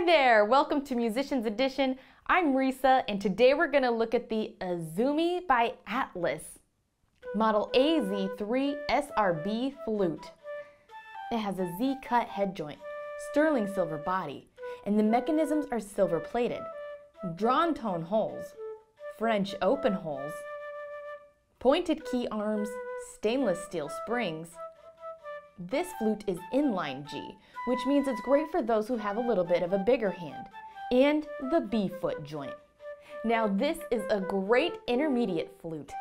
Hi there, welcome to Musicians Edition. I'm Risa, and today we're gonna look at the Azumi by Atlas Model AZ3 SRB flute. It has a Z-cut head joint, sterling silver body, and the mechanisms are silver plated. Drawn tone holes, French open holes, pointed key arms, stainless steel springs, this flute is inline G, which means it's great for those who have a little bit of a bigger hand, and the B foot joint. Now this is a great intermediate flute.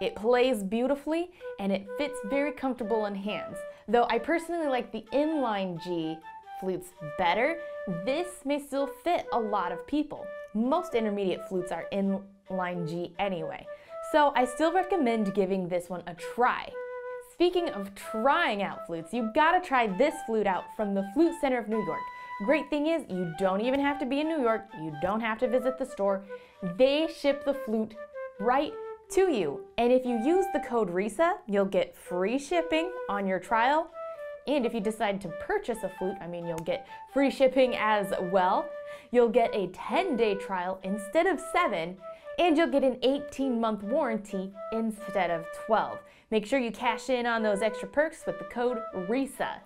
It plays beautifully and it fits very comfortable in hands, though I personally like the inline G flutes better. This may still fit a lot of people. Most intermediate flutes are inline G anyway, so I still recommend giving this one a try. Speaking of trying out flutes, you have gotta try this flute out from the Flute Center of New York. Great thing is, you don't even have to be in New York, you don't have to visit the store. They ship the flute right to you. And if you use the code RISA, you'll get free shipping on your trial. And if you decide to purchase a flute, I mean, you'll get free shipping as well. You'll get a 10 day trial instead of seven, and you'll get an 18 month warranty instead of 12. Make sure you cash in on those extra perks with the code RESA.